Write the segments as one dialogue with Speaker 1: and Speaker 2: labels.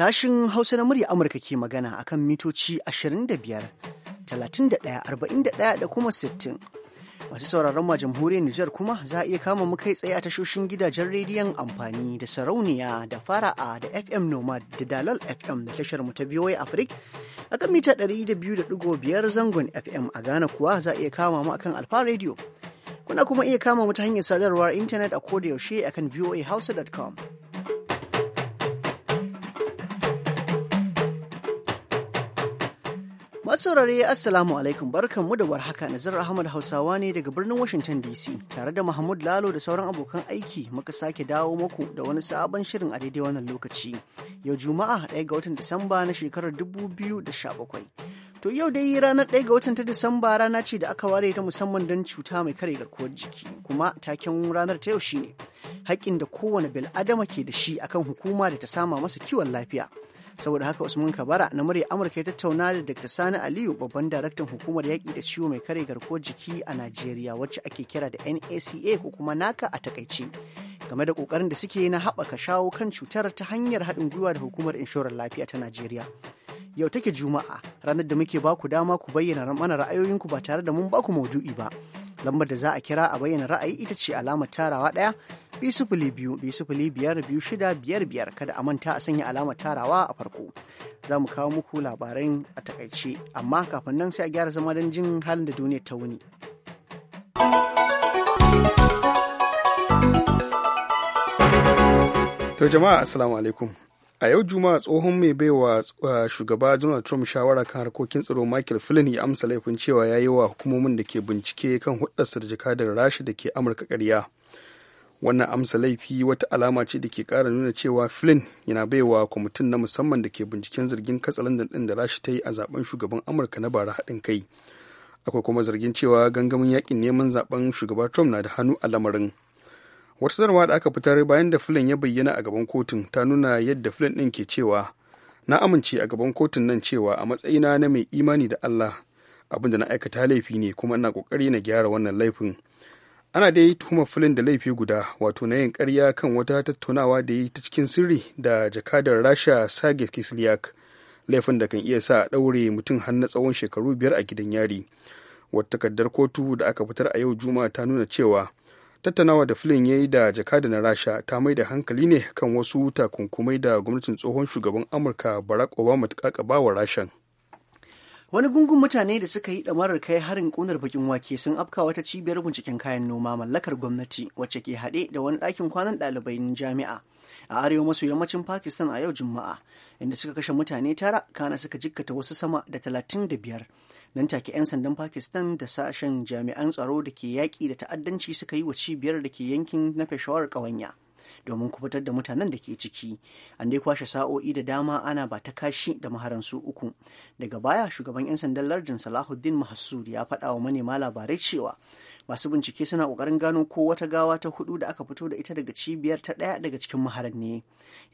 Speaker 1: Sashin Hausa na murya Amurka ke magana a kan mitoci 25, 31, 41 da kuma 60. Masu sauraron ma jamhuriyar Nijar kuma za a iya kama mu kai tsaye a tashoshin gidajen rediyon amfani da sarauniya da fara'a da FM Nomad da Dalal FM da tashar mu ta VOA Africa a kan mita 200.5 zangon FM a Ghana kuwa za a iya kama mu akan Alfa Radio. Kuna kuma iya kama mu ta hanyar sadarwar intanet a koda yaushe akan voahausa.com. Masaurare Assalamu alaikum barkan mu da warhaka Nazar Ahmad Hausawa ne daga birnin Washington DC tare da Mahmud Lalo da sauran abokan aiki muka sake dawo muku da wani sabon shirin a daidai wannan lokaci. Yau Juma'a 1 ga watan Disamba na shekarar 2017. To yau dai ranar 1 ga watan ta Disamba rana ce da aka ware ta musamman don cuta mai kare garkuwar jiki kuma taken ranar ta yau shine haƙƙin da kowane bil'adama ke da shi akan hukuma da ta sama masa kiwon lafiya. saboda haka usman kabara na murya amurka ya tattauna da dr sani aliyu babban daraktan hukumar yaƙi da ciwo mai kare garkuwar jiki a najeriya wacce ake kira da naca ko kuma naka a takaice game da ƙoƙarin da suke na haɓaka shawo kan cutar ta hanyar haɗin gwiwa da hukumar inshorar lafiya ta najeriya yau take juma'a ranar da muke baku dama ku bayyana mana ra'ayoyinku ba tare da mun baku maudu'i ba lambar da za a kira a bayyana ra'ayi ita ce alamar tarawa ɗaya biyu biyu biyu biyar biyu shida biyar biyar kada a manta a sanya alamar tarawa a farko za mu kawo muku labarin a takaice amma kafin nan sai a gyara zama don jin halin da duniya ta wuni.
Speaker 2: To jama'a asalamu alaikum. a yau juma'a tsohon mai baiwa shugaba donald trump shawara kan harkokin tsaro michael flynn ya amsa laifin cewa ya yi wa hukumomin da ke bincike kan hudarsa da jakadar rasha da ke amurka karya wannan amsa laifi wata alama ce da ke kara nuna cewa flynn yana baiwa kwamitin na musamman da ke binciken zargin katsalandan din da rasha ta yi a zaben shugaban amurka na bara haɗin kai akwai kuma zargin cewa gangamin yakin neman zaben shugaba trump na da hannu a lamarin wata sanarwa da aka fitar bayan da filin ya bayyana a gaban kotun ta nuna yadda filin ɗin ke cewa na amince a gaban kotun nan cewa a matsayina na mai imani da allah abinda na aikata laifi ne kuma ina kokari na gyara wannan laifin ana dai tuhumar filin da laifi guda wato na yin karya kan wata tattaunawa da yi ta cikin sirri da jakadar rasha sage kisliak laifin da kan iya sa a ɗaure mutum har na tsawon shekaru biyar a gidan yari wata takardar kotu da aka fitar a yau juma'a ta nuna cewa tattaunawa da flynn ya yi da jakada na rasha ta mai da hankali ne kan wasu takunkumai da gwamnatin tsohon shugaban amurka barack obama ta kakaba wa rashan
Speaker 1: wani gungun mutane da suka yi damarar kai harin kunar bakin wake sun afka wata cibiyar binciken kayan noma mallakar gwamnati wacce ke haɗe da wani ɗakin kwanan ɗalibai jami'a a arewa maso yammacin pakistan a yau juma'a inda suka kashe mutane tara kana suka jikkata wasu sama da talatin da biyar nan take 'yan sandan pakistan da sashen jami'an tsaro da ke yaƙi da ta'addanci suka yi wa cibiyar da ke yankin na peshawar ƙawanya domin kubutar da mutanen da ke ciki an dai kwashe sa'o'i da dama ana ba ta kashi da maharansu uku daga baya shugaban 'yan sandan lardin salahuddin mahassud ya faɗa wa manema labarai cewa masu bincike suna kokarin gano ko wata gawa ta hudu da aka fito da ita daga cibiyar ta daya daga cikin maharan ne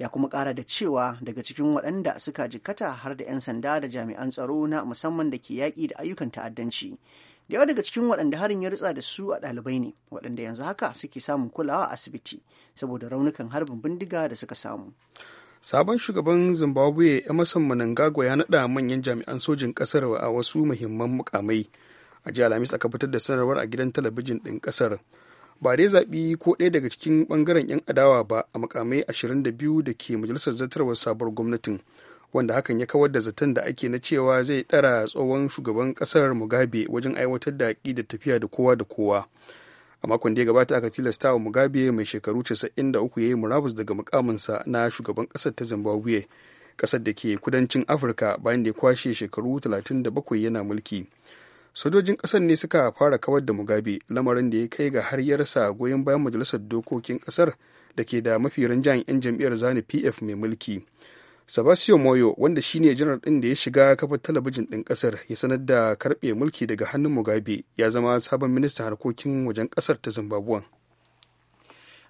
Speaker 1: ya kuma kara da cewa daga cikin waɗanda suka jikkata har da 'yan sanda da jami'an tsaro na musamman da ke yaki da ayyukan ta'addanci da yawa daga cikin waɗanda harin ya rutsa da su a ɗalibai ne waɗanda yanzu haka suke samun kulawa a asibiti saboda raunukan harbin bindiga da suka samu
Speaker 2: sabon shugaban zimbabwe emerson mnangagwa ya naɗa manyan jami'an sojin ƙasar a wasu muhimman mukamai a jiya alhamis aka fitar da sanarwar a gidan talabijin ɗin ƙasar ba dai zaɓi ko ɗaya daga cikin ɓangaren 'yan adawa ba a makamai ashirin da biyu da ke majalisar zartarwar sabuwar gwamnatin wanda hakan ya kawar da zaton da ake na cewa zai ɗara tsohon shugaban ƙasar mugabe wajen aiwatar da da tafiya da kowa da kowa a makon da ya gabata aka tilasta wa mugabe mai shekaru da uku ya yi murabus daga mukaminsa na shugaban ƙasar ta zimbabwe ƙasar da ke kudancin afirka bayan da ya kwashe shekaru 37 yana mulki sojojin ƙasar ne suka fara kawar da mugabe lamarin da ya kai ga har yarsa goyon bayan majalisar dokokin ƙasar da ke da mafi rinjayen 'yan jam'iyyar zani pf mai mulki sabasio moyo wanda shine janar ɗin da ya shiga kafa talabijin ɗin ƙasar ya sanar da karɓe mulki daga hannun mugabe ya zama sabon ministan harkokin wajen ƙasar ta zimbabwe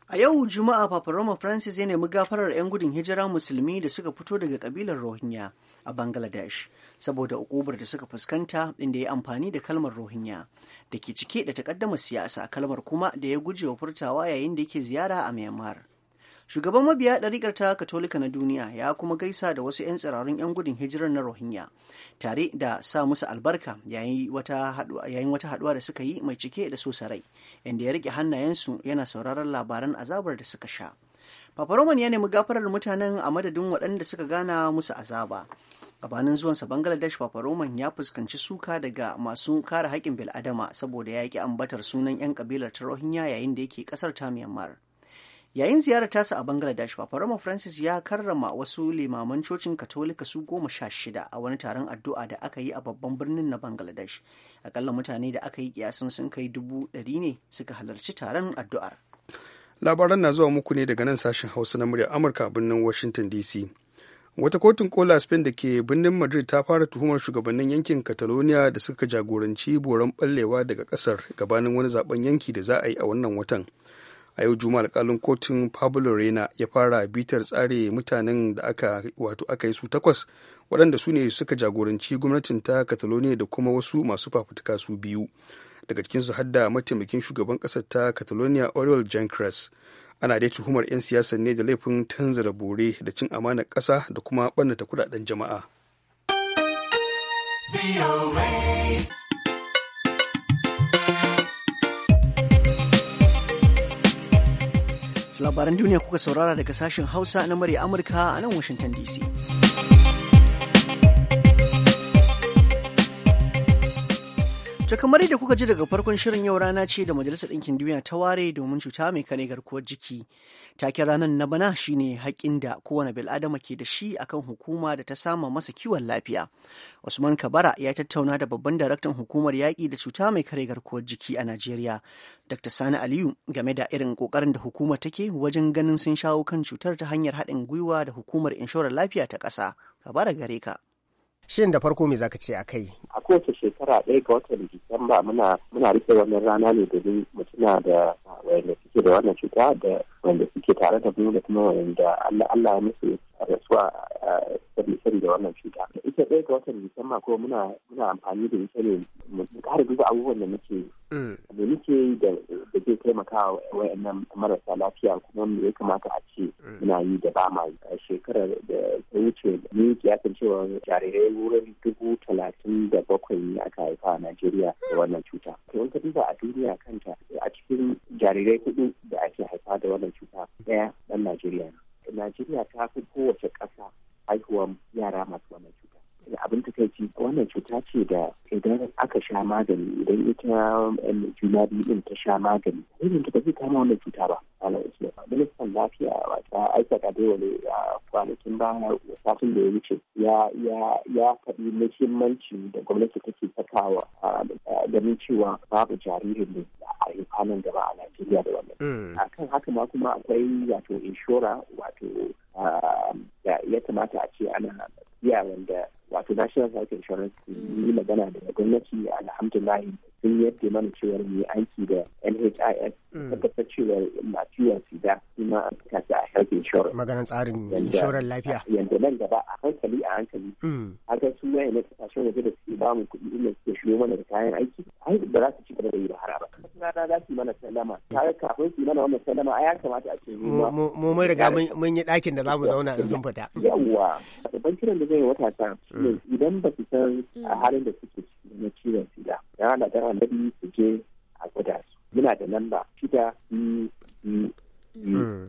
Speaker 1: a yau juma'a papa roma francis ya nemi gafarar 'yan gudun hijira musulmi da suka fito daga kabilar rohingya a bangladesh saboda ukubar da suka fuskanta inda ya amfani da kalmar rohingya da ke cike da takaddama siyasa kalmar kuma da ya gujewa furtawa yayin da yake ziyara a myanmar shugaban mabiya ɗariƙar ta katolika na duniya ya kuma gaisa da wasu 'yan tsirarun 'yan gudun hijirar na rohingya tare da sa musu albarka yayin wata haɗuwa da suka yi mai cike da so sarai inda ya rike hannayensu yana sauraron labaran azabar da suka sha Papa Roman ya nemi gafarar mutanen a madadin waɗanda suka gana musu azaba, gabanin zuwansa Bangaladesh papa roman ya fuskanci suka daga masu kare haƙƙin bil'adama saboda ya ki ambatar sunan 'yan kabilar ta rohingya yayin da yake ƙasar ta myanmar yayin ziyarar tasa a bangladesh papa roman francis ya karrama wasu limaman cocin katolika su goma sha shida a wani taron addu'a da aka yi a babban birnin na bangladesh akalla mutane da aka yi kiyasin sun kai dubu ɗari ne suka halarci taron addu'ar
Speaker 2: labaran na zuwa muku ne daga nan sashen hausa na murya amurka a birnin washington dc wata kotun kola spain da ke birnin madrid ta fara tuhumar shugabannin yankin catalonia da suka jagoranci boron ballewa daga kasar gabanin wani zaben yanki da za a yi a wannan watan a yau juma alkalin kotun pablo rena ya fara bitar tsare mutanen da aka wato aka yi su takwas waɗanda su ne suka jagoranci gwamnatin ta catalonia da kuma wasu masu fafutuka su biyu daga cikinsu hadda mataimakin shugaban ƙasar ta catalonia oriol jankras ana da tuhumar 'yan siyasar ne da laifin tanzara bore da cin amanar ƙasa da kuma ɓannata kudaden jama'a
Speaker 1: labaran duniya kuka saurara daga sashen hausa na murya amurka a nan washington dc To kamar yadda kuka ji daga farkon shirin yau rana ce da Majalisar Ɗinkin Duniya ta ware domin cuta mai kare garkuwar jiki. take ranar na bana shine haƙƙin da kowane bil'adama ke da shi akan hukuma da ta sama masa kiwon lafiya. Usman Kabara ya tattauna da babban daraktan hukumar yaƙi da cuta mai kare garkuwar jiki a Najeriya, Dr. Sani Aliyu game da irin ƙoƙarin da hukumar take wajen ganin sun shawo kan cutar ta hanyar haɗin gwiwa da hukumar inshorar lafiya ta ƙasa. Kabara gare ka. Shin da farko me zaka ce a kai?
Speaker 3: A kowace shekara ɗaya ga watan Disamba muna muna rike wannan rana ne domin mutuna da wayanda suke da wannan cuta da wanda suke tare da mu da kuma wanda Allah Allah ya musu rasuwa eh, a sirri da wannan cuta ita ɗaya ga watan disamba ko muna muna amfani da ita ne mu ƙara duba abubuwan da muke mm. da muke yi da zai taimaka wa wayannan marasa lafiya kuma me ya kamata a ce mm. muna yi da ba ma shekarar da ta wuce ni kiyasin cewa jarirai wurin dubu talatin da bakwai ne aka haifa a Najeriya da wannan cuta to in duba a duniya kanta a cikin jarirai hudu da ake haifa da wannan cuta ɗaya ɗan Najeriya. Najeriya ta fi kowace ƙasa haihuwar yara masu wannan cuta. abin ta takaici wannan cuta ce da idan aka sha magani idan ita juna biyu din ta sha magani irin ta zai kama wannan cuta ba ala ba ministan lafiya wata aika da ne a kwanakin baya wasafin da ya wuce ya ya ya faɗi muhimmanci da gwamnati take sakawa ganin cewa babu jaririn ne a haifanin gaba a Najeriya da wannan.
Speaker 4: Mm. Akan
Speaker 3: haka ma kuma akwai wato inshora wato Um, ya kamata a ce ana iya wanda wato national health insurance yi magana daga gwamnati alhamdulahi sun yadda mana cewar mu aiki da NHIS mm. ta cewar masu yawan sida kuma an fita a health insurance. Maganin tsarin inshorar lafiya. Yanda nan gaba a hankali a hankali. Mm. Haka su waye na kasashen waje da suke mu kuɗi inda suke shigo mana da kayan aiki. Ai ba za su ci gaba da yi ba haraba. Rana za su yi mana sallama. Kaga kafin su yi mana wannan sallama A ya kamata a ce. Mu mun riga mun yi ɗakin
Speaker 5: da za mu zauna in sun fita. Yawwa.
Speaker 3: Ban kiran da zai yi wata sa mm. idan ba su san a halin da suke ciki na ciwon sida. Ya hana annabi su je a gwada su yana
Speaker 2: da namba shida biyu biyu hmm.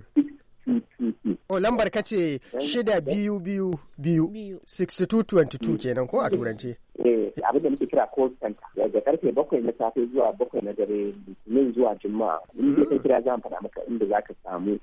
Speaker 2: O lambar
Speaker 1: ka ce shida biyu biyu biyu 6222 kenan ko a turance.
Speaker 3: Eh abin da muke kira call center daga karfe bakwai na safe zuwa bakwai na dare min zuwa juma'a in da kai kira zan faɗa maka inda za ka samu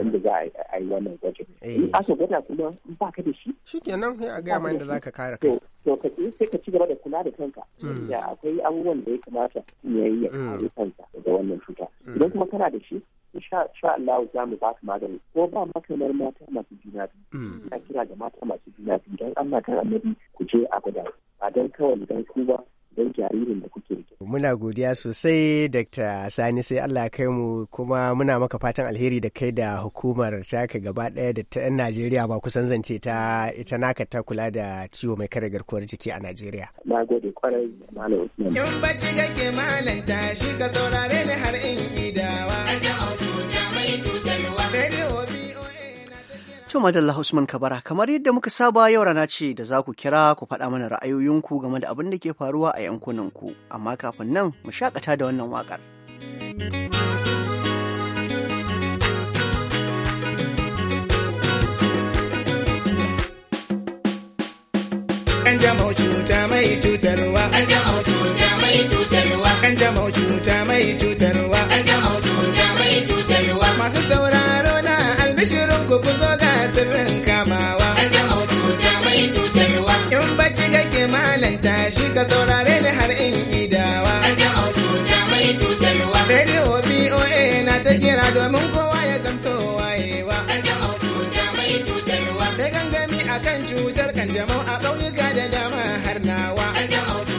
Speaker 3: inda za a yi wannan gwajin. Eh. In aso gwada kuma in ba ka da shi. Shi kenan sai a gaya ma da za ka kare ka. To ka sai ka ci gaba da kula da kanka. Hmm. Da akwai abubuwan da ya kamata ya yi a kare hmm. kanka da wannan cuta. Idan hmm. kuma kana da shi insha Allah za mu ba ka magani ko ba makamar mata masu juna biyu hmm. ina kira ga mata masu juna biyu don Allah kan annabi ku je a gwada ba don kawai don ku ba don jaririn da kuke
Speaker 1: rike. Muna godiya sosai Dr. Sani sai Allah kai mu kuma muna maka fatan alheri da kai da hukumar ta taka gaba ɗaya da ta 'yan Najeriya ba kusan zance ta ita naka ta kula da ciwo mai kare garkuwar jiki a Najeriya.
Speaker 3: Na gode kwarai Malam Usman. Kin
Speaker 5: bacci kake malanta shi ka saurare ni har in gidawa. An da cuta mai cutarwa. Radio
Speaker 1: To madalla Usman Kabara kamar yadda muka saba yau rana ce da za ku kira ku faɗa mana ra'ayoyinku game da abin da ke faruwa a yankunanku amma kafin nan mu shakata da wannan waƙar.
Speaker 5: Yan cuta malam tashi ka saurare ni har in idawa. Ɗan cuta mai cutarwa. Radio BOA na ta kira domin kowa ya zamto wayewa. Ɗan cuta mai cutarwa. Da gangami kan cutar kanjamau a ƙauyuka da dama har nawa. Ɗan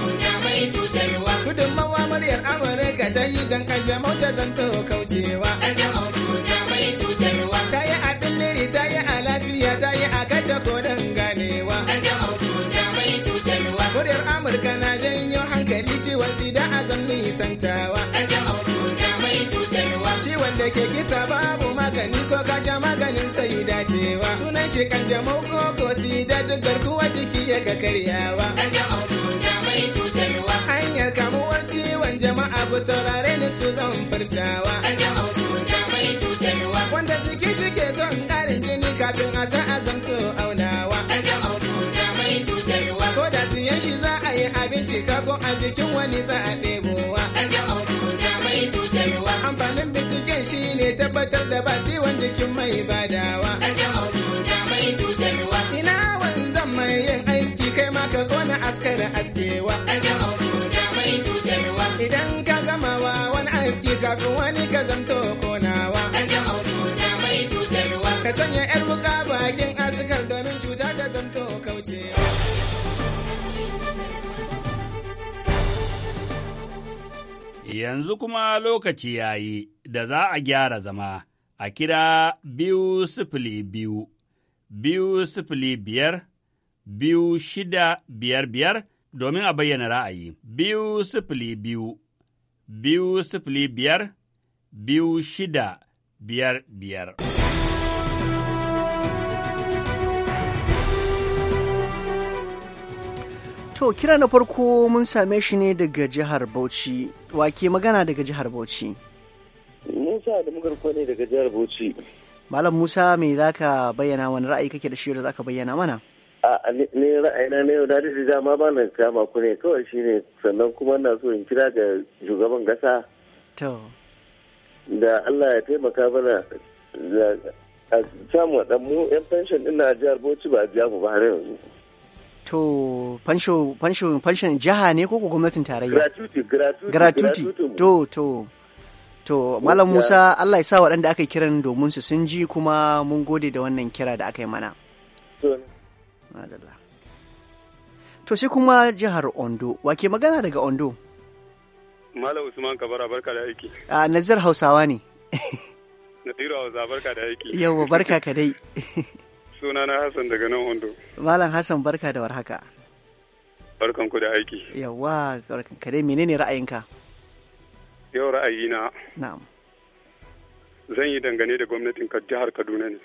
Speaker 5: cuta mai cutarwa. Gudunmawa muryar Amurka ta yi don kanjamau ta zanto kaucewa. azam nisantawa Wanda da ke kisa babu magani ko kasha maganin sai dacewa sunan shi kan jamau ko ko da duk garkuwa jiki ya ka karyawa hanyar kamuwar ciwon jama'a ku saurare ni su zan furtawa wanda jiki shi ke son ƙarin jini kafin a sa azamto auna Chicago a jikin wani za a ɗebowa. Amfanin binciken shi ne tabbatar da ba ciwon jikin mai badawa. Ina wanzan mai yin aiki kai ma ka kona askara askewa. Idan ka gamawa wani aiki kafin wani ka zamto kona.
Speaker 4: Yanzu kuma lokaci ya yi da za a gyara zama a kira biyu sifili biyu, biyu sifili biyar, biyu shida biyar biyar domin a bayyana ra'ayi. Biyu sifili biyu, biyu sifili biyar, biyu shida biyar biyar.
Speaker 1: To, kira na farko mun same shi ne daga jihar Bauchi. wake magana daga jihar Bauchi.
Speaker 6: Musa da magarko ne daga jihar Bauchi.
Speaker 1: Malam Musa me za ka bayyana wani ra'ayi kake da shi da za ka bayyana mana?
Speaker 6: A ne ra'ayina na yau da dama ba na
Speaker 4: kama ku ne kawai shi ne sannan kuma na so in kira ga shugaban gasa. To. Da Allah ya taimaka mana da a samu ɗan mu 'yan fenshin ɗin na jihar Bauchi ba a biya mu ba har yanzu.
Speaker 1: wato fanshin jiha ne ko gwamnatin tarayya gratuity to to to malam musa allah ya sa waɗanda aka kiran domin su sun ji kuma mun gode da wannan kira da aka yi mana to sai kuma jihar ondo wake magana daga ondo
Speaker 4: malam usman kabara barka da aiki
Speaker 1: a nazar hausawa ne
Speaker 4: nasiru hausa barka da aiki yau barka
Speaker 1: ka dai
Speaker 4: suna na Hassan daga nan Ondo.
Speaker 1: Malam Hassan barka da warhaka.
Speaker 4: Barkan ku da aiki.
Speaker 1: Yawwa, barkan ka dai menene ra'ayinka?
Speaker 4: Yau ra'ayina. Na'am. Zan yi dangane da gwamnatin jihar Kaduna ne.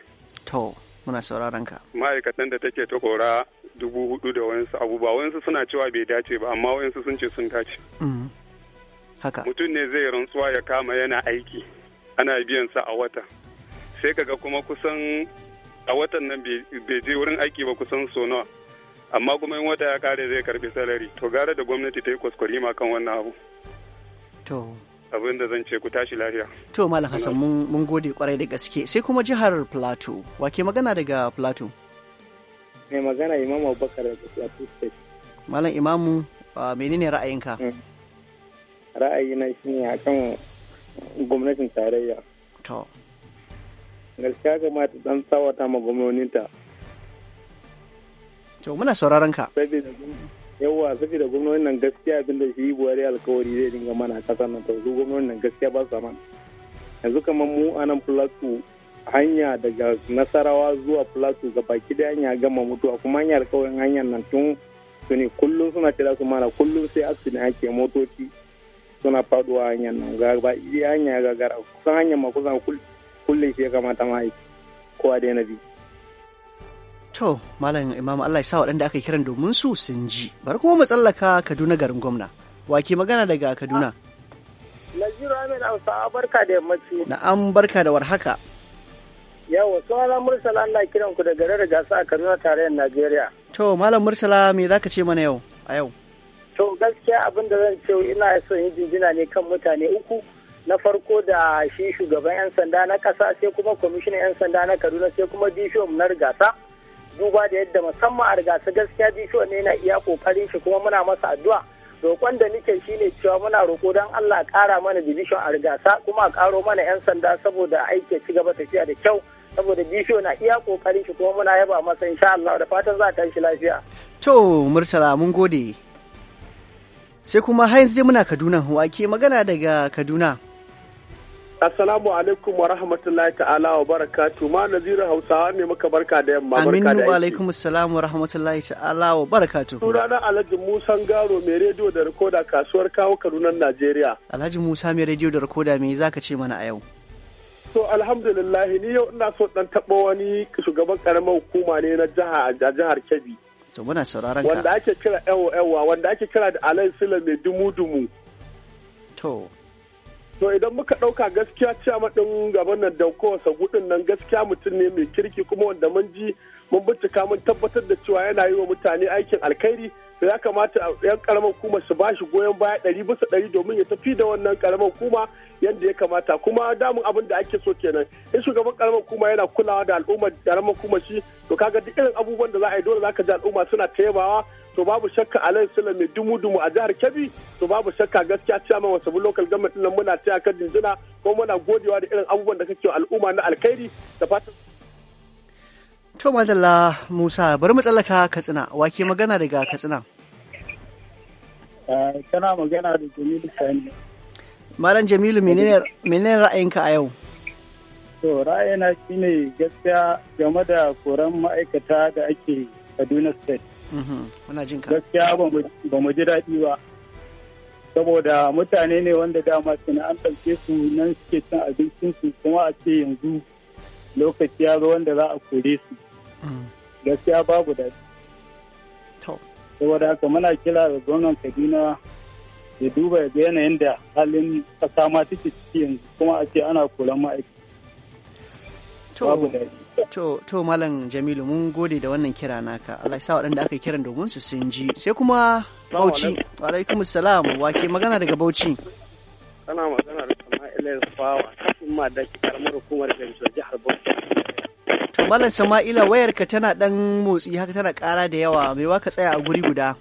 Speaker 1: To, muna sauraron ka.
Speaker 4: Ma'aikatan da take ta kora dubu hudu da wayansu abubuwa wayansu suna cewa bai dace ba amma wayansu sun ce sun dace.
Speaker 1: Mm-hmm. Haka.
Speaker 4: Mutum ne zai rantsuwa ya kama yana aiki ana biyan sa a wata. Sai kaga kuma kusan a watan nan bai je wurin aiki ba kusan so nawa amma kuma in wata ya kare zai karbi salari to gara da gwamnati ta yi kwaskwari ma kan wannan abu to abin da zan ce ku tashi lafiya
Speaker 1: to malam hassan mun gode kwarai da gaske sai kuma jihar plateau wake magana daga plateau
Speaker 4: mai magana imamu abubakar daga plateau state
Speaker 1: malam imamu menene ra'ayinka hmm.
Speaker 4: ra'ayina shine akan gwamnatin tarayya to gaskiya kamata dan tsawata ma gwamnoninta
Speaker 1: to muna sauraron ka
Speaker 4: yawa da gwamnonin nan gaskiya abin da shi buhari alkawari zai dinga mana kasar nan to su gwamnonin nan gaskiya ba su mana yanzu kamar mu anan nan plateau hanya daga nasarawa zuwa plateau ga baki da hanya gama mutuwa kuma hanyar alkawarin hanyar nan tun tuni kullum suna cira su mana kullum sai accident ake motoci suna faduwa hanyar nan ga ba iya hanya gagara kusan hanyar ma kusan kullum kulle shi ya kamata ma kowa da bi.
Speaker 1: To, Malam Imam Allah ya sa waɗanda aka kiran domin su sun ji. Bari kuma mu tsallaka Kaduna garin gwamna. Wake magana daga Kaduna?
Speaker 6: Naziru Amin Hausawa barka da yammaci.
Speaker 1: Na'am barka da warhaka.
Speaker 6: Yawa, sunana Mursala Allah kiran ku da da gasa a Kaduna tarayyar Najeriya.
Speaker 1: To, Malam Mursala me zaka ce mana yau? A yau.
Speaker 6: To, gaskiya abin da zan ce ina so yin jinjina ne kan mutane uku. na farko da shi shugaban 'yan sanda na ƙasa sai kuma kwamishinan 'yan sanda na kaduna sai kuma bishop na rigasa duba da yadda musamman a rigasa gaskiya bishop ne na iya kokarin shi kuma muna masa addu'a roƙon da nike shi ne cewa muna roƙo don Allah ƙara mana division a rigasa kuma a ƙaro mana 'yan sanda saboda aiki ci gaba tafiya da kyau saboda bishiyo na iya ƙoƙarin shi kuma muna yaba masa insha Allah da fatan za ta shi lafiya.
Speaker 1: To Murtala mun gode. Sai kuma hainz dai muna Kaduna wake magana daga Kaduna.
Speaker 7: Assalamu alaikum wa rahmatullahi ta'ala wa barakatu ma nazirin hausawa ne maka barka da yamma barka da Aminu wa alaikum
Speaker 1: assalamu wa rahmatullahi ta'ala wa barakatu. Sunana
Speaker 7: Alhaji Musa Garo mai rediyo da rikoda kasuwar kawo Kaduna Najeriya.
Speaker 1: Alhaji Musa mai rediyo da rikoda me zaka ce mana a yau?
Speaker 7: To alhamdulillah ni yau ina so dan taɓa wani shugaban karamar hukuma ne na jiha a jihar Kebbi.
Speaker 1: To muna sauraron ka. Wanda
Speaker 7: ake kira yawa wa? wanda ake kira da Alhaji Sule mai dumu dumu. To. to idan muka ɗauka gaskiya cewa maɗin gaban nan da kowace gudun nan gaskiya mutum ne mai kirki kuma wanda mun ji mun bincika mun tabbatar da cewa yana yi wa mutane aikin alkhairi da ya kamata yan karamar kuma su ba shi goyon baya ɗari bisa ɗari domin ya tafi da wannan karamar kuma yadda ya kamata kuma damun abin da ake so kenan in shugaban karamar kuma yana kulawa da al'ummar karamar kuma shi to kaga duk irin abubuwan da za a yi dole za ka ji al'umma suna taimawa to babu shakka a alan sula mai dumu dumu a jihar kebbi to babu shakka gaskiya cewa mai wasu local government nan muna taya kan jinjina ko muna godewa da irin abubuwan da kake al'umma na alkhairi da fatan
Speaker 1: To madalla Musa bari mu tsallaka Katsina wake magana daga Katsina.
Speaker 4: Eh, kana magana da Jamilu Sani.
Speaker 1: Malam Jamilu menene ra'ayinka a yau?
Speaker 4: To ra'ayina shine gaskiya game da koran ma'aikata da ake Kaduna State. Mhm, muna jin ka. Gaskiya ba mu ji daɗi ba. Saboda mutane ne wanda dama suna an ɗauke su nan suke cin abincinsu kuma a ce yanzu lokaci ya zo wanda za a kore su. gaskiya babu da saboda haka muna kira da gwamnan kaduna ya duba ya ga yanayin da halin kasa ma take ciki yanzu kuma a ce ana koran ma'aikata babu da
Speaker 1: to to malam jamilu mun gode da wannan kira naka Allah ya sa waɗanda aka kiran domin su sun ji sai kuma bauchi wa alaikum salam wake magana daga bauchi
Speaker 6: kana magana da sama'ila fawa kafin ma da karamar hukumar jihar bauchi
Speaker 1: Malam Sama'ila wayar ka tana dan motsi haka tana ƙara da yawa mai ka tsaya a guri guda.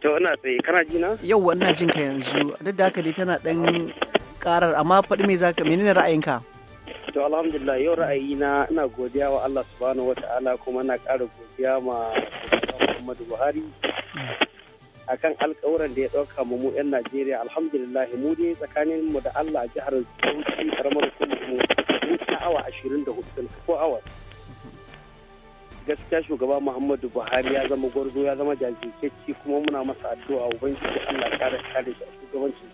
Speaker 6: To ina tsaye kana ji na?
Speaker 1: Yau ina jin ka yanzu duk da haka dai tana dan ƙarar amma faɗi me zaka menene ra'ayinka?
Speaker 6: To alhamdulillah yau na ina godiya wa Allah subhanahu wata'ala kuma ina ƙara godiya ma Muhammadu Buhari akan alkawuran da ya dauka mu mu 'yan Najeriya alhamdulillah mu dai tsakanin mu da Allah jihar Bauchi karamar hukumar mu ta awa 24 ko awa gaskiya shugaba Muhammadu Buhari ya zama gwarzo ya zama jajirtacci kuma muna masa addu'a ubangiji Allah ya kare kare shi a shugabancin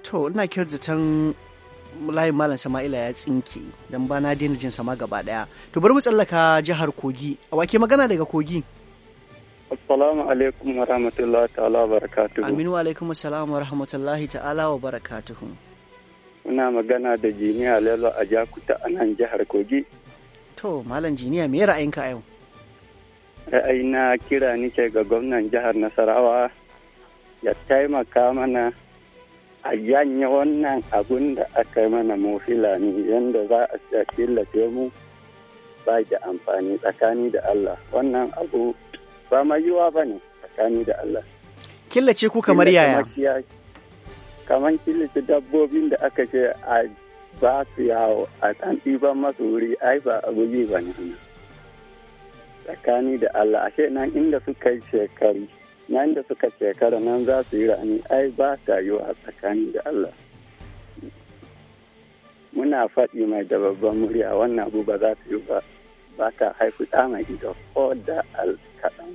Speaker 1: to ina layin malam sama'ila ya tsinke don ba na daina jin sama gaba daya to bari mu tsallaka jihar kogi a wake magana daga kogi
Speaker 4: assalamu alaikum wa rahmatullahi ta'ala wa barakatuhu aminu
Speaker 1: alaikum salamu wa rahmatullahi ta'ala wa barakatuhu
Speaker 4: ina magana da jiniya lalo a jakuta a nan jihar kogi
Speaker 1: to malam jiniya me ra'ayinka a yau
Speaker 4: ra'ayina kira nike ga gwamnan jihar nasarawa ya taimaka mana a janye wannan abun da aka yi mana mu filani yadda za a killace mu ba da amfani tsakani da Allah wannan abu ba mai yiwa ba ne tsakani da Allah.
Speaker 1: Killace ku kamar yaya?
Speaker 4: Kamar killace dabbobin da aka ce a ba su yawo a ɗan ɗiban masu wuri ai ba abu yi ba ne. Tsakani da Allah ashe nan inda suka yi shekaru nan da suka shekara nan za su yi rani ai ba ta yi a tsakani da Allah muna faɗi mai da babban murya wannan abu ba za ta yi ba ba ta haifu ɗa mai ido ko da alkaɗan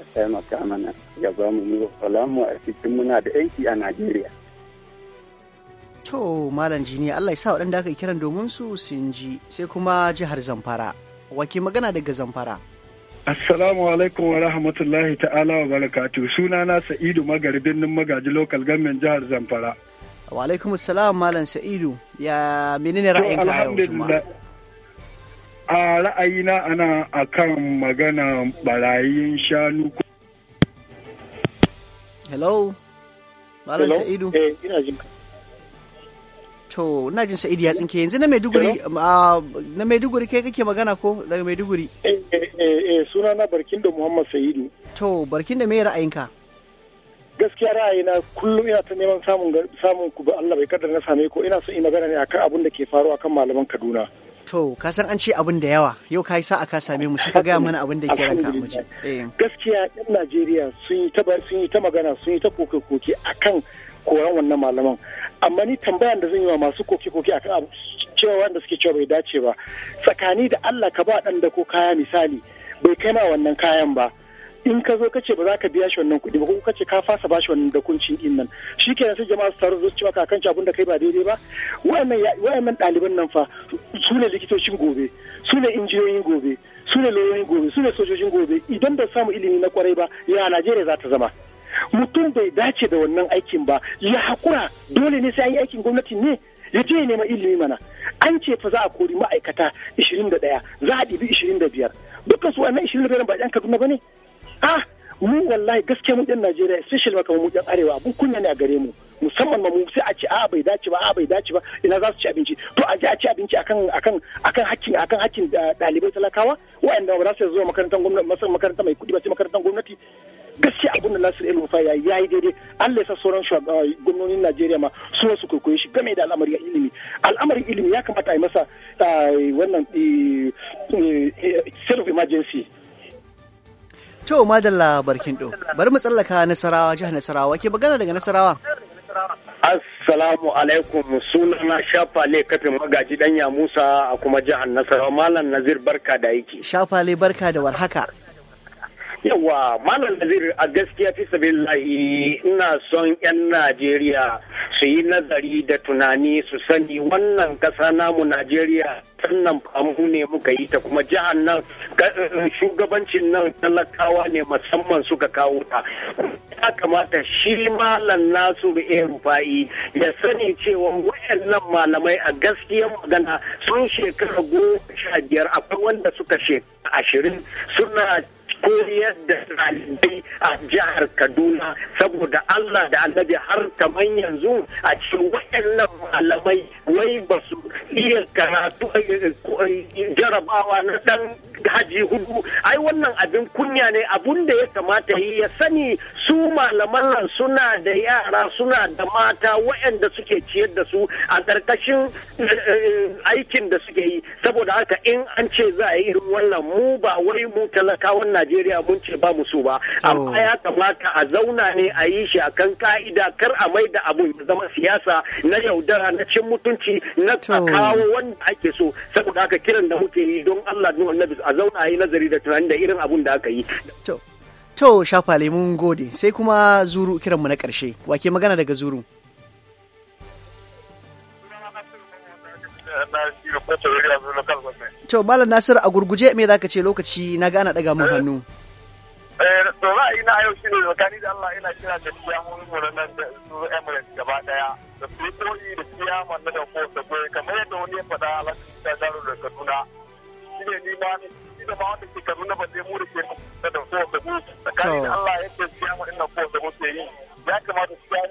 Speaker 4: ka taimaka mana ya ba mu mu a cikin muna da aiki a Najeriya.
Speaker 1: To Malam Jini Allah ya sa waɗanda aka kiran domin su sun ji sai kuma jihar Zamfara. Wake magana daga Zamfara.
Speaker 7: Assalamu alaikum wa rahmatullahi ta'ala wa barakatu na Sa'idu Magarbin Magaji
Speaker 1: Local Government Jihar Zamfara. Wa alaikum salam Malam Sa'idu ya menene ra'ayinka a yau Juma'a?
Speaker 7: A ra'ayina ana akan magana
Speaker 1: barayin shanu. Hello?
Speaker 8: Malam Sa'idu? Eh, ina jin
Speaker 1: to na jin sa'idi ya tsinke yanzu na maiduguri na maiduguri kai kake magana ko daga maiduguri
Speaker 8: eh, eh, eh, eh suna na barkin da muhammad sa'idu
Speaker 1: to barkin da me ra'ayinka
Speaker 8: gaskiya ra'ayina kullum ina ta neman samun samun ku ba Allah bai kaddar na same ko ina so in magana ne akan abin da ke faruwa kan
Speaker 1: malaman Kaduna to ka san an ce abin da yawa yau ka yi sa'a ka same mu sai ka gaya mana abin da ke ranka miji
Speaker 8: gaskiya yan Najeriya sun yi ta sun yi ta magana sun yi ta koke-koke akan koran wannan malaman amma ni tambayan da zan yi wa masu koke-koke akan cewa wanda suke cewa bai dace ba tsakani da Allah ka ba dan da ko kaya misali bai kai ma wannan kayan ba in ka zo kace ba za ka biya shi wannan kuɗi ba ko ce ka fasa shi wannan dakuncin din nan shikenan sai jama'a su taru su cewa kan ci abin da kai ba daidai ba wayannan wayannan ɗaliban nan fa su ne likitocin gobe su ne injiniyoyin gobe su ne lauyoyin gobe su ne sojojin gobe idan ba samu ilimi na kwarai ba ya Najeriya za ta zama mutum bai dace da wannan aikin ba ya hakura dole ne sai an yi aikin gwamnati ne ya je nema ilimi mana an ce fa za a kori ma'aikata 21 za a ɗibi 25 duka su wannan 25 ba ɗan kaduna ba ne a mu wallahi gaskiya mu ɗan najeriya especially maka mu ɗan arewa abin kunya ne a gare mu musamman ma mu sai a ce a bai dace ba a bai dace ba ina za su ci abinci to a je a ci abinci akan akan akan hakkin akan hakkin eh, ɗalibai talakawa wa'anda ba za su zo makarantar gwamnati makarantar mai kuɗi ba sai makarantar gwamnati gaskiya abin da Nasir El Rufa ya yi daidai Allah ya sa sauran eh, gwamnonin Najeriya ma su wasu kwaikwaye shi game da al'amarin ilimi al'amarin ilimi ya kamata a yi masa eh, wannan eh, state of emergency
Speaker 1: To madalla barkin do bari mu tsallaka Nasarawa jihar Nasarawa ke magana daga Nasarawa
Speaker 6: Assalamu alaikum sunana Shafale kafin magaji danya Musa a kuma jihar Nasarawa Malam Nazir barka da yake
Speaker 1: Shafale barka da warhaka
Speaker 6: yawa malam nazir a gaskiya fi sabillahi ina son 'yan najeriya su yi nazari da tunani su sani wannan kasa namu najeriya sannan famu ne muka yi ta kuma jihar nan eh, shugabancin nan talakawa ne musamman suka kawo ta ya kamata shi malam nasu rufa'i ya sani cewa wayannan malamai a gaskiyar magana sun shekara goma sha biyar akwai wanda suka shekara ashirin suna koriyar da ɗalibai a jihar kaduna saboda allah da annabi har kamar yanzu a ce waɗannan malamai wai ba su iya karatu eh, eh, jarabawa na ɗan haji hudu ai wannan abin kunya ne abun da ya kamata yi ya sani su malaman suna da yara suna da mata waɗanda suke ciyar da su a ƙarƙashin eh, eh, aikin da suke yi saboda haka in an ce za a yi irin wannan mu ba wai mu talakawan Najeriya mun ce ba mu su ba amma ya kamata a zauna ne a yi shi akan ka'ida kar a mai da abun ya zama siyasa na yaudara na cin mutunci na kawo wanda ake so saboda haka kiran da muke yi don Allah don Annabi a zauna a yi nazari da tunani da irin abun da aka yi.
Speaker 1: To, shafa lemun gode sai kuma zuru kiranmu na ƙarshe wake magana daga zuru. To, Malam Nasiru a gurguje me za ka ce lokaci na gana ɗaga mun hannu.
Speaker 6: Eh, to ra'ayi na yau shine tsakani da Allah ina kira da kiyamomin mu nan da
Speaker 7: su Emirates gaba daya da su da kiyaman na da ko kamar yadda wani ya faɗa a lafiyar da Kaduna shi ni ni na mu da ke da da ya kamata su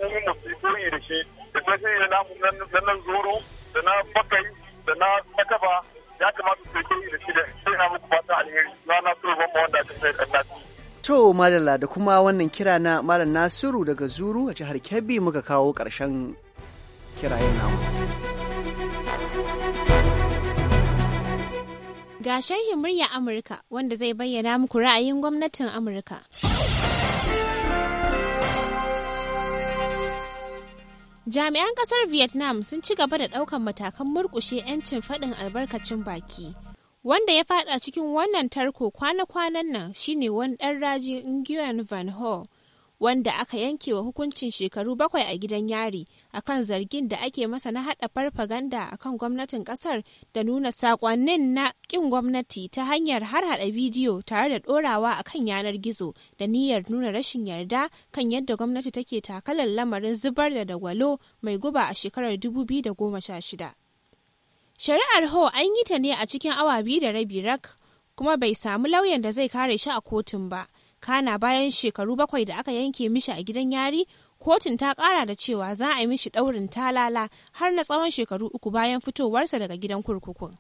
Speaker 6: mun su yi da
Speaker 7: shi da sai nan zoro da na bakai da na makaba ya kamata su yi da shi da sai na muku fata alheri na na so ban wanda aka sai da
Speaker 1: To malala da kuma wannan kira na Malam Nasiru daga Zuru a jihar Kebbi muka kawo ƙarshen kirayen namu.
Speaker 9: Ga sharhin murya Amurka wanda zai bayyana muku ra'ayin gwamnatin Amurka. Jami'an kasar Vietnam sun ci gaba da ɗaukan matakan murkushe 'yancin faɗin albarkacin baki. Wanda ya faɗa cikin wannan tarko kwana-kwanan nan shine wani ɗan raji Nguyen Van Ho. wanda aka yanke wa hukuncin shekaru bakwai a gidan yari akan zargin da ake masa na hada farfaganda akan gwamnatin kasar da nuna sakonnin na kin gwamnati ta hanyar har hada bidiyo tare da dorawa akan yanar gizo da niyyar nuna rashin yarda kan yadda gwamnati take takalar lamarin zubar da dagwalo mai guba a shekarar 2016. Shari'ar Ho an yi ta ne a cikin awa biyu da rabi rak kuma bai samu lauyan da zai kare shi a kotun ba. kana bayan shekaru bakwai da aka yanke mishi a gidan yari kotun ta kara da cewa za a yi mishi daurin talala har na tsawon shekaru uku bayan fitowarsa daga gidan kurkukun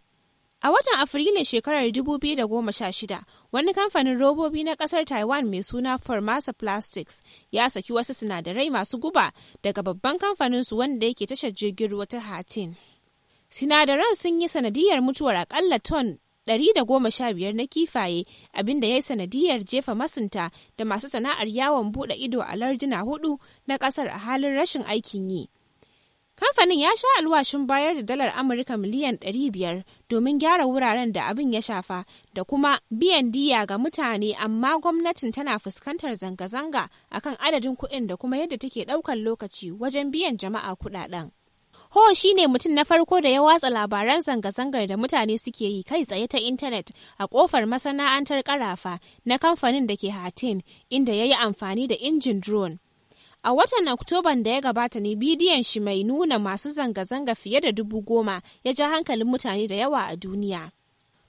Speaker 9: a watan afrilun shekarar 2016 wani kamfanin robobi na kasar taiwan mai suna formasa plastics ya saki wasu sinadarai masu guba daga babban kamfanin su wanda yake tashar jirgin ruwa ta hatin sinadaran sun yi sanadiyar mutuwar akalla ton 115 na kifaye abinda ya yi sanadiyar jefa masunta da masu sana'ar yawon bude ido a larduna hudu na kasar a halin rashin aikin yi. Kamfanin ya sha alwashin bayar da dalar Amurka miliyan 500 domin gyara wuraren da abin ya shafa da kuma biyan diya ga mutane amma gwamnatin tana fuskantar zanga-zanga akan adadin kuɗin da kuma yadda take ɗaukar lokaci wajen biyan jama'a kuɗaɗen. Ho shi ne mutum na farko da ya watsa labaran zanga-zangar da mutane suke yi kai tsaye ta intanet a kofar masana'antar karafa na kamfanin da ke Hatin inda ya yi amfani da injin drone. A watan Oktoban da ya gabata ne bidiyon shi mai nuna masu zanga-zanga fiye da dubu goma ya ja hankalin mutane da yawa a duniya.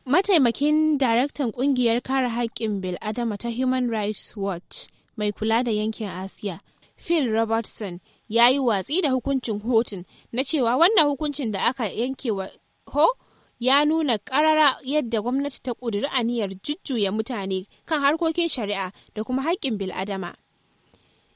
Speaker 9: Mataimakin daraktan kungiyar kare haƙƙin bil'adama ta Human Rights Watch mai kula da yankin Asiya, Phil Robertson ya yi watsi da hukuncin hotun na cewa wannan hukuncin da aka yanke wa ho ya nuna karara yadda gwamnati ta ƙudiri aniyar jujjuya mutane kan harkokin shari'a da kuma haƙƙin bil'adama.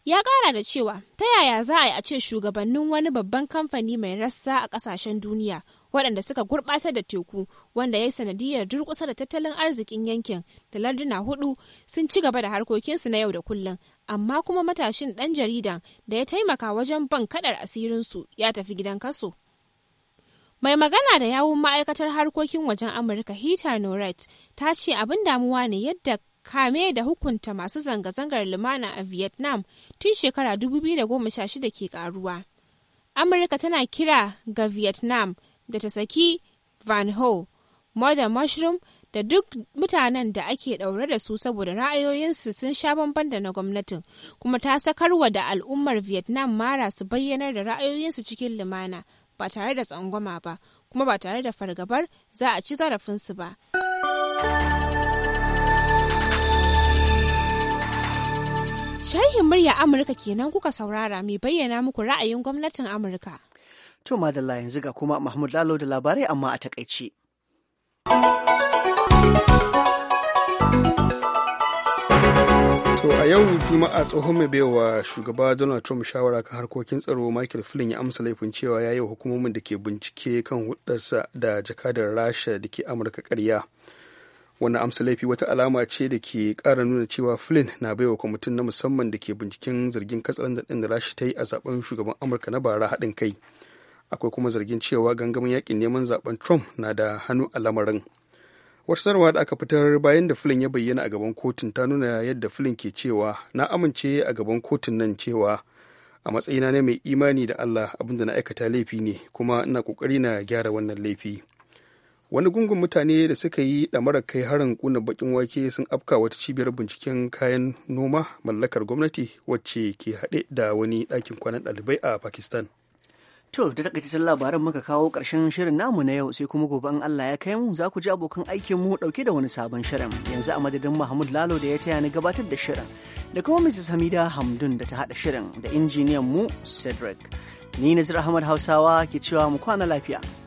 Speaker 9: Ya ƙara da cewa ta yaya za a yi a ce shugabannin wani babban kamfani mai rassa a ƙasashen duniya waɗanda suka gurɓatar da teku wanda ya yi sanadiyar durƙusa da tattalin arzikin yankin da larduna hudu sun ci gaba da harkokinsu na yau da kullum amma kuma matashin ɗan jaridan da ya taimaka wajen ban kaɗar asirinsu ya tafi gidan kaso. Mai magana da yawun ma'aikatar harkokin wajen Amurka Heather norett ta ce abin damuwa ne yadda kame da hukunta masu zanga-zangar lumana a Vietnam tun shekara 2016 ke karuwa. Amurka tana kira ga Vietnam da ta saki Van Ho, Mother Mushroom da duk mutanen da ake ɗaure da su saboda ra'ayoyinsu sun sha bamban da na gwamnatin kuma ta sakarwa da al'ummar vietnam mara su bayyanar da ra'ayoyinsu cikin lumana ba tare da tsangwama ba kuma ba tare da fargabar za a ci zarafinsu ba sharhin murya amurka kenan kuka saurara mai bayyana muku ra'ayin gwamnatin amurka
Speaker 1: To madalla yanzu ga kuma Mahmud Lalo da labarai amma a takaice.
Speaker 2: To a yau Juma'a tsohon mai baiwa shugaba Donald Trump shawara kan harkokin tsaro Michael Flynn ya amsa laifin cewa ya yi wa hukumomin da ke bincike kan hudarsa da jakadar Rasha da ke Amurka karya. Wannan amsa laifi wata alama ce da ke kara nuna cewa Flynn na baiwa kwamitin na musamman da ke binciken zargin ɗin da Rasha ta yi a zaben shugaban Amurka na bara haɗin kai. akwai kuma zargin cewa gangamin yakin neman zaben trump na da hannu a lamarin wata sanarwa da aka fitar bayan da filin ya bayyana a gaban kotun ta nuna yadda filin ke cewa na amince a gaban kotun nan cewa a matsayina ne mai imani da allah abinda na aikata laifi ne kuma ina kokari na gyara wannan laifi wani gungun mutane da suka yi ɗamarar kai harin kuna bakin wake sun afka wata cibiyar binciken kayan noma mallakar gwamnati wacce ke haɗe da wani ɗakin kwanan ɗalibai a pakistan
Speaker 1: To da takaitaccen labaran muka kawo ƙarshen shirin namu na yau sai kuma gobe in Allah ya kai mu za ku ji abokan aikin mu dauke da wani sabon shirin yanzu a madadin Mahmud Lalo da ya taya ni gabatar da shirin da kuma Mrs Hamida Hamdun da ta hada shirin da injiniyan mu Cedric ni Nazir Ahmad Hausawa ke cewa mu kwana lafiya.